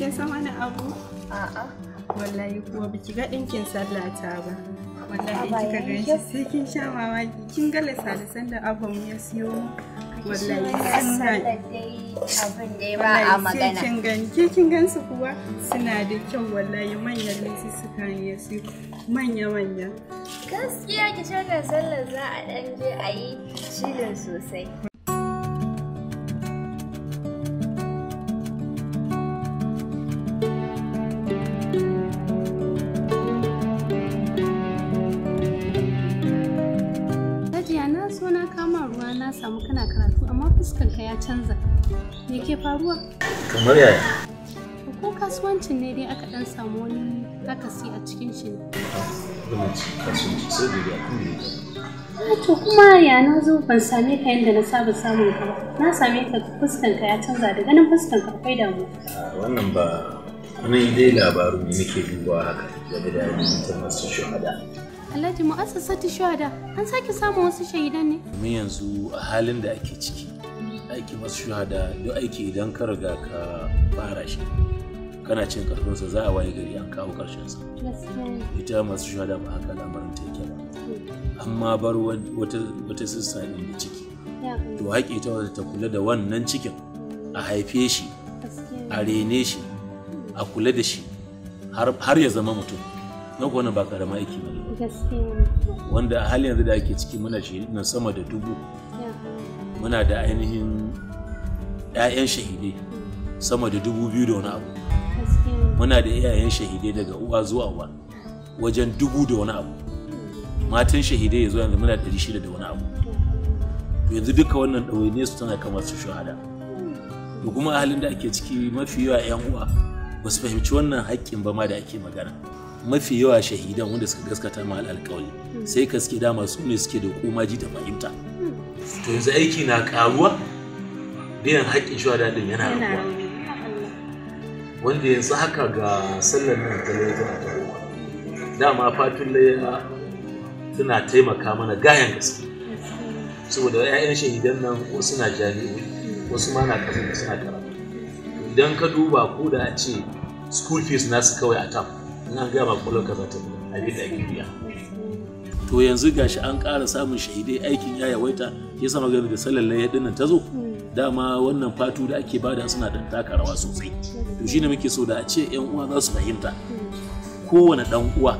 kin san wani abu a'a wallahi kuwa biki ga ɗinkin sallata ba wallahi kika ganshi sai kin sha mamaki kin ga lisalisan sanda abun ya siyo wallahi suna abin da ba a magana kin gan ke kin gan kuwa suna da kyau wallahi manyan lissi suka ya su manya manya gaskiya ki shaka sallar za a dan je a yi shilin sosai Me ke faruwa? Kamar yaya? Ko kasuwancin ne dai aka dan samu wani takasi a cikin shi. kasuwanci sai da ya eh To kuma ya na zo ban same ka yadda na saba samun ka ba. Na same ka fuskan ka ya canza da ganin fuskan ka akwai damuwa. Ah, wannan ba wani dai labaru ne muke dubawa haka game da ta masu shahada. Alhaji ta shahada an sake samun wasu shahidan ne? Kamar yanzu a halin da ake ciki aiki masu shahada duk aiki idan ka riga ka fara shi kana cin karfinsa za a waye gari an kawo karshensa ita masu shahada ba haka lamarin ta yake ba hmm. amma bar wata sissa da ciki to haƙi ta wata ta kula da wannan cikin hmm. a haife shi a rene shi a kula da shi har ya zama mutum na wani ba karama aiki ba wanda a halin yanzu da ake ciki muna shi na sama da dubu muna da ainihin 'ya'yan shahidai sama da dubu biyu da wani abu muna da iyayen shahidai daga uwa zuwa uwa wajen dubu da wani abu matan ya zuwa yanzu muna da shida da wani abu yanzu duka wannan ne su tana kamar su shahada da kuma halin da ake ciki mafi yawa 'yan uwa ba su fahimci wannan haƙƙin ba ma da ake magana mafi yawa shahidan wanda suka gaskata ma alƙawari hmm. sai ka suke dama su ne suke da komaji da fahimta to yanzu aiki na karuwa biyan haƙƙin shuhada din yana raguwa wanda yanzu haka ga sallar nan ta laye tana taruwa dama fatun laya tana taimaka mana gayan gaske saboda 'ya'yan shahidan nan wasu na jami'o'i wasu ma na da suna karatu idan ka duba ko da a ce school fees nasu kawai a tam in an gaya ba kwallon kaza ta to yanzu gashi an ƙara samun shahidai aikin ya yawaita ya sama gani da salalle ya dinnan ta zo dama wannan fatu da ake bada suna dan taka rawa sosai to shine muke so da a ce yan uwa za su fahimta kowane dan uwa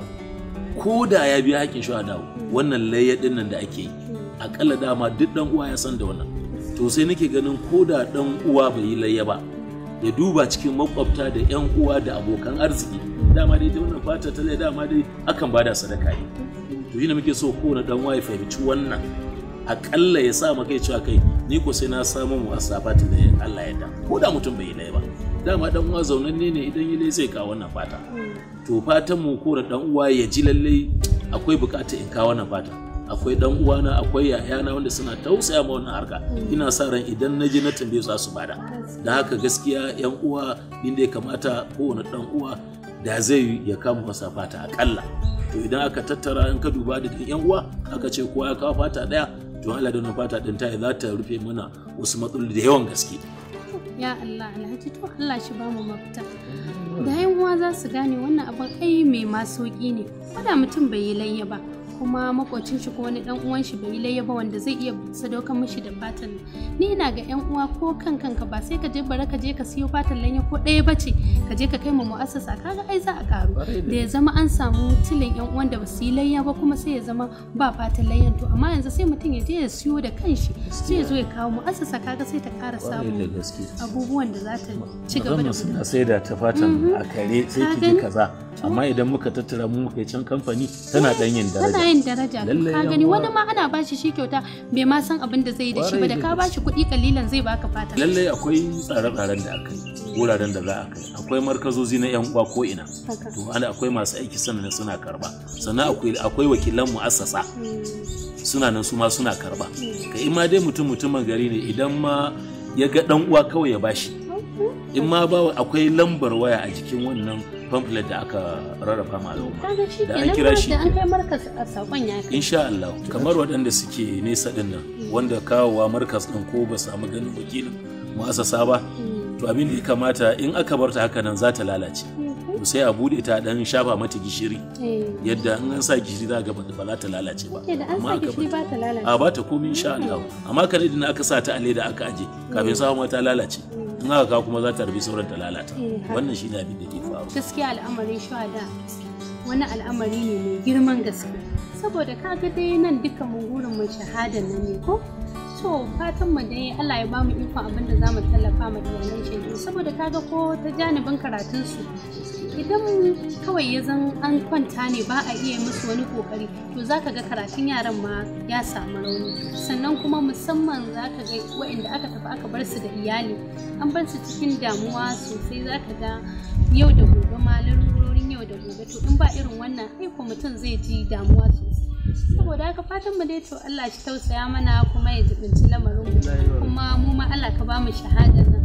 ko da ya biya a dawo? wannan layya dinnan da ake yi akalla dama duk dan uwa ya san da wannan to sai nake ganin ko da dan uwa bai yi layya ba ya duba cikin makwabta da 'yan uwa da abokan arziki dama dai ta wannan fata ta dama dai akan bada sadaka ne to shi muke so kowane dan waye fahimci wannan akalla ya sa kai cewa kai ni ko sai na samu mu asafati da Allah ya da ko da mutum bai yi ba dama dan uwa zaunan ne idan yi zai kawo wannan fata to fatan mu kowane dan uwa ya ji lallai akwai bukata in kawo wannan fata akwai dan uwana akwai yayana wanda suna tausaya ma wannan harka mm. ina sa ran idan na je na tambaye za su bada da haka gaskiya yan uwa inda ya kamata kowane dan uwa da zai ya kama masa fata akalla to idan aka tattara in ka duba da yan uwa aka ce kowa ya kawo fata daya to Allah da fata din ta za ta rufe mana wasu matsaloli da yawan gaske ya Allah alhaji to Allah shi ba mu mafita da yan uwa za su gane wannan abin ai mai masoki ne kada mutum bai yi layya ba kuma makocin shi ko wani dan uwan shi bai layya ba wanda zai iya sadaukar mishi da fatan ni ina ga yan uwa ko kan kanka ba sai ka je bara ka je ka siyo fatan lanya ko ɗaya bace ka je ka kai mu mu'assasa kaga ai za a karu da ya zama an samu tilin yan uwan da ba su yi layya ba kuma sai ya zama ba fatan lanyan to amma yanzu sai mutum ya je ya siyo da kanshi sai ya zo ya kawo mu'assasa kaga sai ta kara samun abubuwan da za ta ci gaba da sai da ta fatan mm-hmm. a kare sai ki kaza amma idan muka tattara mu muka can kamfani tana dan yin daraja tana yin daraja ka gani wani ma ana bashi shi kyauta bai ma san abin da zai yi da shi ba da ka bashi kuɗi kalilan zai baka fata lallai akwai tsare-tsaren da aka yi wuraren da za a kai akwai markazozi na yan uwa ko ina to ana akwai masu aiki sannan suna karba sannan akwai akwai wakilan mu'assasa hmm. suna nan su ma suna karba hmm. ka in ma dai mutum mutumin gari ne idan ma ya ga dan uwa kawai ya bashi in ma ba akwai lambar waya a jikin wannan pamphlet da aka rarraba ma al'umma da an kira shi an kai markas sakon ya kai insha Allah kamar waɗanda suke nesa din nan mm. wanda kawowa markas din ko ba samu ganin wakilin mu'assasa ba mm. to abin da ya kamata in aka bar ta haka nan za ta lalace mm-hmm. to sai a bude ta dan shafa mata gishiri eh. yadda in an sa gishiri za ga ba za ta lalace ba amma gishiri ba ta lalace a ba ta komai insha mm-hmm. Allah amma kan idan aka sa ta a da aka aje kafin mm. sa ma ta lalace in aka kuma za ta rubi sauran ta lalata eh, wannan ne abin da ke gaskiya al'amarin shuhada wani al'amari ne mai girman gaske saboda kaga dai nan duka mun gurin mu nan ne ko to fatan mu dai Allah ya bamu ikon abin da zamu tallafa ma iyalan shi saboda kaga ko ta janibin karatun su idan kawai ya zan an kwanta ne ba a iya musu wani kokari to zaka ga karatun yaran ma ya samu rauni sannan kuma musamman zaka ga waɗanda aka tafi aka bar su da iyali an bar su cikin damuwa sosai zaka ga yau da gobe ma larurorin yau da gobe to in ba irin wannan aiko mutum zai ji damuwa sosai saboda haka fatan mu dai to Allah shi tausaya mana kuma ya jibinci lamarin mu kuma mu ma Allah ka ba mu shahadar nan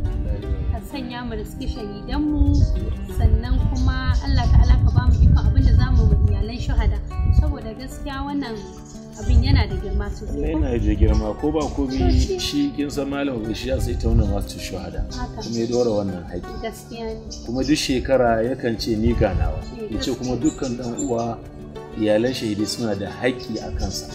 ka sanya mu riski shahidan mu sannan kuma Allah ta'ala ka ba mu ikon abinda zamu mu iyalan shahada saboda gaskiya wannan abin yana da girma sosai yana da girma ko ba ko bi shi kin san malam shi ya sai tauna masu shahada. kuma ya dora wannan haƙi kuma duk shekara yakan ce ni ganawa eh, yace kuma dukkan dan uwa iyalan shahidi suna da haƙƙi a kansa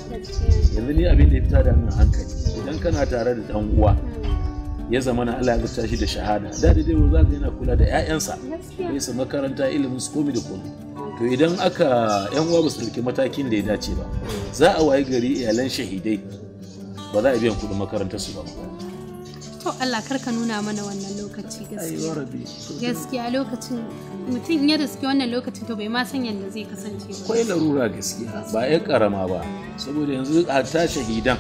yanzu ni abin da ya fita da min hankali idan kana tare da dan uwa hmm. ya zama na Allah ya shi da shahada da dai za ka yana kula da 'ya'yansa ya makaranta ilimin su komi da komai. to idan aka yan uwa ba su ɗauki matakin da ya dace ba za a waye gari iyalan shahidai ba za a biyan kuɗin makarantar su ba to Allah kar ka nuna mana wannan lokaci gaskiya gaskiya lokacin mutum ya riski wannan lokacin to bai ma san yadda zai kasance ba kai larura gaskiya ba ya karama ba saboda yanzu a ta shahidan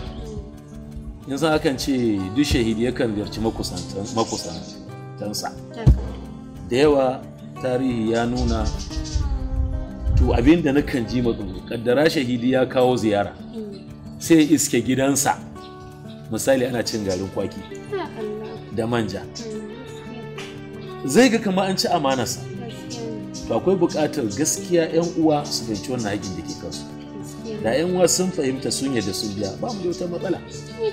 yanzu akan ce duk shahidi yakan ziyarci makusantansa da yawa tarihi ya nuna to abinda na nakan ji matsoro kaddara shahidi ya kawo ziyara sai iske gidansa misali ana cin garin kwaki da manja zai ga kama an ci amanarsa to akwai buƙatar gaskiya 'yan uwa su fahimci wannan haƙin da ke kansu da 'yan uwa sun fahimta sun yadda sun biya ba mu da wata matsala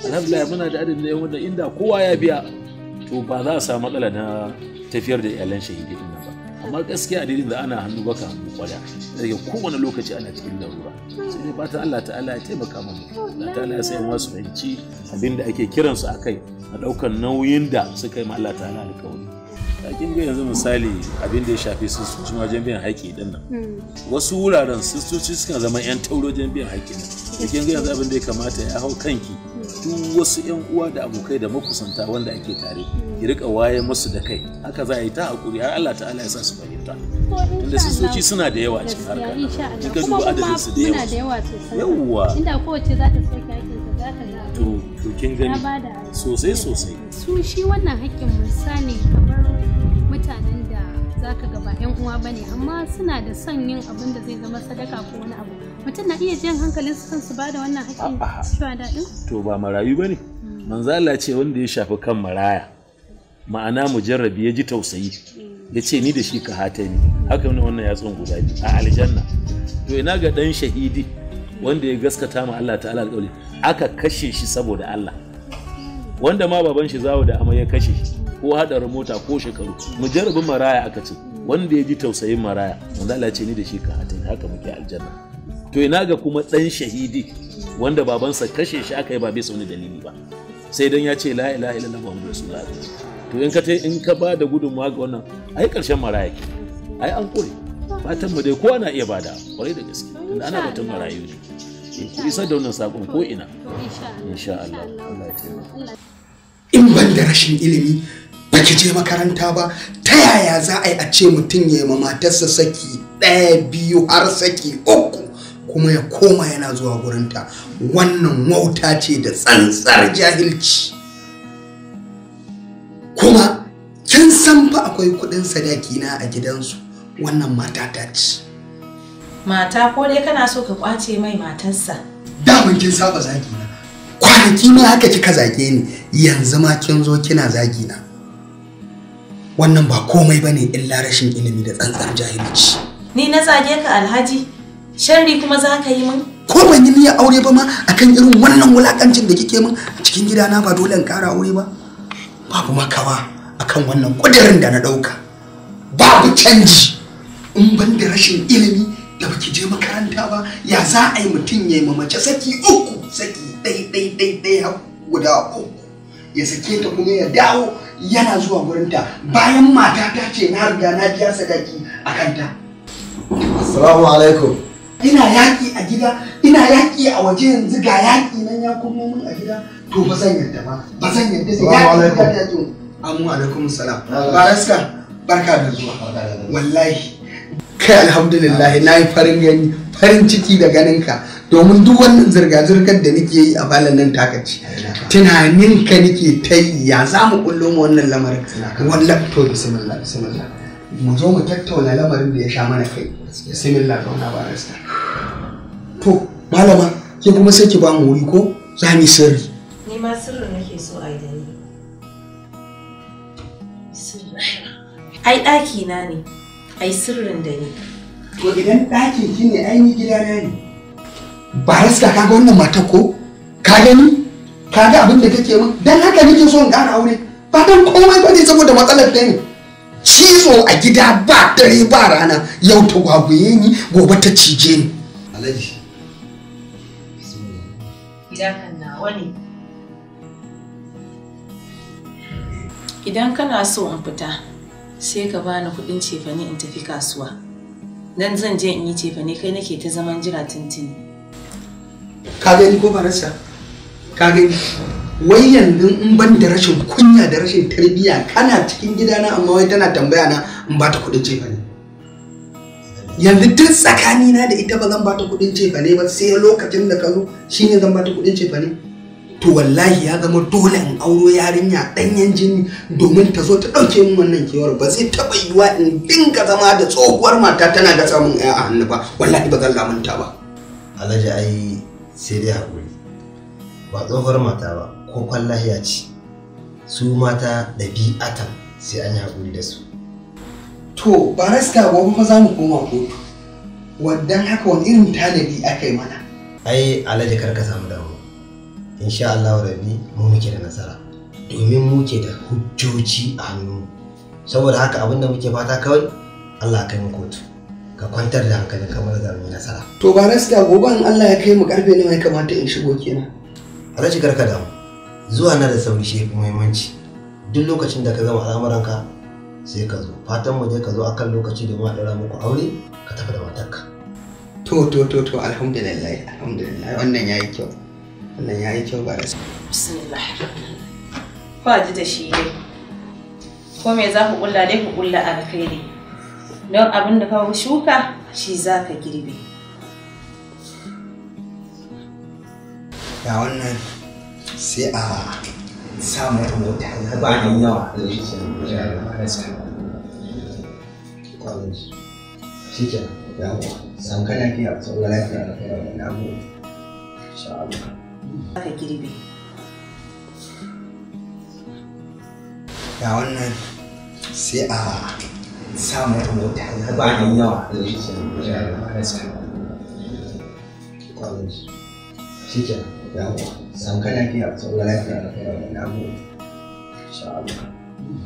alhamdulillah muna da adadin da wanda inda kowa ya biya to ba za a samu matsala na tafiyar da iyalan shahidi din ba amma gaskiya a da ana hannu baka hannu kwada daga kowane lokaci ana cikin larura sai dai fatan Allah ta'ala ya taimaka mana Allah ta'ala ya sayan wasu fahimci abinda ake kiransu a kai a daukan nauyin da suka yi ma Allah ta'ala alƙawari kin ga yanzu misali abin da ya shafi sistocin wajen biyan haƙƙi din nan hmm. wasu wuraren sistoci sukan zama yan tauro biyan haƙƙi nan kin ga yanzu abin da ya kamata ya hau kanki duk wasu 'yan uwa da abokai da makusanta wanda ake tare ki rika waye musu da kai haka za a yi ta hakuri har Allah ta'ala ya sa su fahimta tunda soci suna da yawa cikin harka in ka duba adadin su da yawa yawa inda kowace za ta soke hakkin za ta ga to to kin gani sosai sosai su shi wannan hakkin ne kamar mutanen da zaka ga ba 'yan uwa bane amma suna da son yin abin da zai zama sadaka ko wani abu mutum na iya jan hankalin su kansu ba da wannan haƙƙin cewa daɗin to ba marayu ba ne hmm. Manzala ce wanda ya shafi kan maraya ma'ana mu mujarrabi ya ji tausayi hmm. ya ce ni da shi ka hata ni haka ne wannan yatsun guda biyu a aljanna to ina ga ɗan shahidi wanda ya gaskata ma Allah ta'ala alƙawari aka kashe shi saboda Allah wanda ma baban shi zawo da amai ya kashe shi ko hadarin mota ko shekaru Mu mujarrabin maraya aka ce wanda ya ji tausayin maraya manzo Allah ce ni da shi ka hata ni haka muke aljanna to ina ga kuma ɗan shahidi wanda babansa kashe shi aka yi ba bisa wani dalili ba sai dan ya ce la ilaha illallah muhammadu rasulullah to in ka tai in ka ba da gudunmawa ga wannan ai karshen maraya ke ai an kore fatan mu dai kowa na iya bada kwarai da gaske tunda ana batun marayu ne In eh, ku isa da wannan sakon ko ina insha Allah Allah ya taimaka in ban da rashin ilimi ba ki je makaranta ba ta yaya za a yi a ce mutum ya yi matarsa saki ɗaya biyu har saki uku kuma ya koma yana zuwa gurinta wannan wauta ce da tsantsar jahilci kuma kin san fa akwai kuɗin sadaki na a gidansu wannan mata ta ci mata ko dai kana so ka kwace mai matarsa daman kin saba zagi na kwanaki ma haka kika zage ni yanzu ma kin zo kina zagi na wannan ba komai bane illa rashin ilimi da tsantsar jahilci ni na zage ka alhaji sharri kuma za ka yi min ko ban yi niyyar aure ba ma akan irin wannan wulakancin da kike min a cikin gidana ba dole in ƙara aure ba babu makawa akan wannan ƙudurin da na ɗauka babu canji in ban da rashin ilimi da baki je makaranta ba ya za a yi mutum ya yi mace saki uku saki ɗai ɗai ɗai ɗai guda uku ya sake ta kuma ya dawo yana zuwa gurinta bayan mata ta ce na riga na biya sadaki a kanta. Assalamu alaikum. ina yaƙi a gida ina yaƙi a waje yanzu ga yaƙi nan ya kuma mun a gida to ba zan yarda ba ba zan yarda sai yaƙi da yaƙi amu alaikum salam baraska barka da zuwa wallahi kai alhamdulillah na yi farin gani farin ciki da ganinka domin duk wannan zirga-zirgar da nake yi a balan nan takaci ka nake ta yi ya za mu wannan lamarin wallahi to bismillah bismillah mu zo mu tattauna lamarin da ya sha mana kai bismillah zauna ta. to malama ke kuma sai ki ba mu wuri ko za mu sirri ni ma sirri nake so a yi da ni ai daki na ne ai sirrin da ni to idan ɗakin ki ne ai ni na ne barista kaga wannan mata ko ka gani kaga abin da kake min dan haka nake so in ƙara aure ba dan komai ba ne saboda matsalar da ne cizo a gida ba dare ba rana yau ta gwagwaye ni gobe ta cije ni alaji idan kana so in fita sai ka bani kudin cefane in tafi kasuwa dan zan je in yi cefane kai nake ta zaman jira tintini ka gani ko rasa ka gani wai yanzu in ban da rashin kunya da rashin tarbiyya kana cikin gidana amma wai tana tambaya na in ba ta kudin cefa ne yanzu duk tsakani na da ita ba zan ba ta kudin cefa ne ba sai lokacin da ka zo shine zan ba ta kudin cefa ne to wallahi ya zama dole in auro yarinya danyen jini domin ta zo ta ɗauke min wannan kewar ba zai taɓa yiwuwa in dinga zama da tsohuwar mata tana ga samun ƴa a hannu ba wallahi ba zan lamunta ba alhaji ai sai dai hakuri. ba tsohuwar mata ba kokon lahiya ce su mata da ɗabi'atan sai an yi haƙuri da su to barista gobe fa za mu koma kotu wadan haka wani irin tanadi aka yi mana ai alhaji kar ka samu damu insha Allah rabbi mu muke da nasara domin muke da hujjoji a hannu saboda haka abin da muke fata kawai Allah kai mu kotu ka kwantar da hankalin kamar da mu nasara to barista gobe in Allah ya kai mu karfe ne mai kamata in shigo kenan alhaji kar ka damu zuwa na da sauri shi muhimmanci duk lokacin da ka gama al'amuranka sai ka zo fatan mu dai ka zo akan lokaci domin a ɗora muku aure ka tafi da matarka to to to to alhamdulillah alhamdulillah wannan yayi kyau wannan yayi kyau ba rasu bismillah ba ji da shi dai ko me za ku kulla dai ku kulla alkhairi don abin da ka shuka shi za ka girbe Ya wannan sai a sa mata mota ya ba ni yawa da shi ke shi ke yawa san ka lafiya san ka lafiya da kai da namu insha Allah girbe Ya wannan sai a sa mata mota ya ba ni yawa da shi ke yawa shi ke yawa sauka lafiya sauka lafiya na gode insha Allah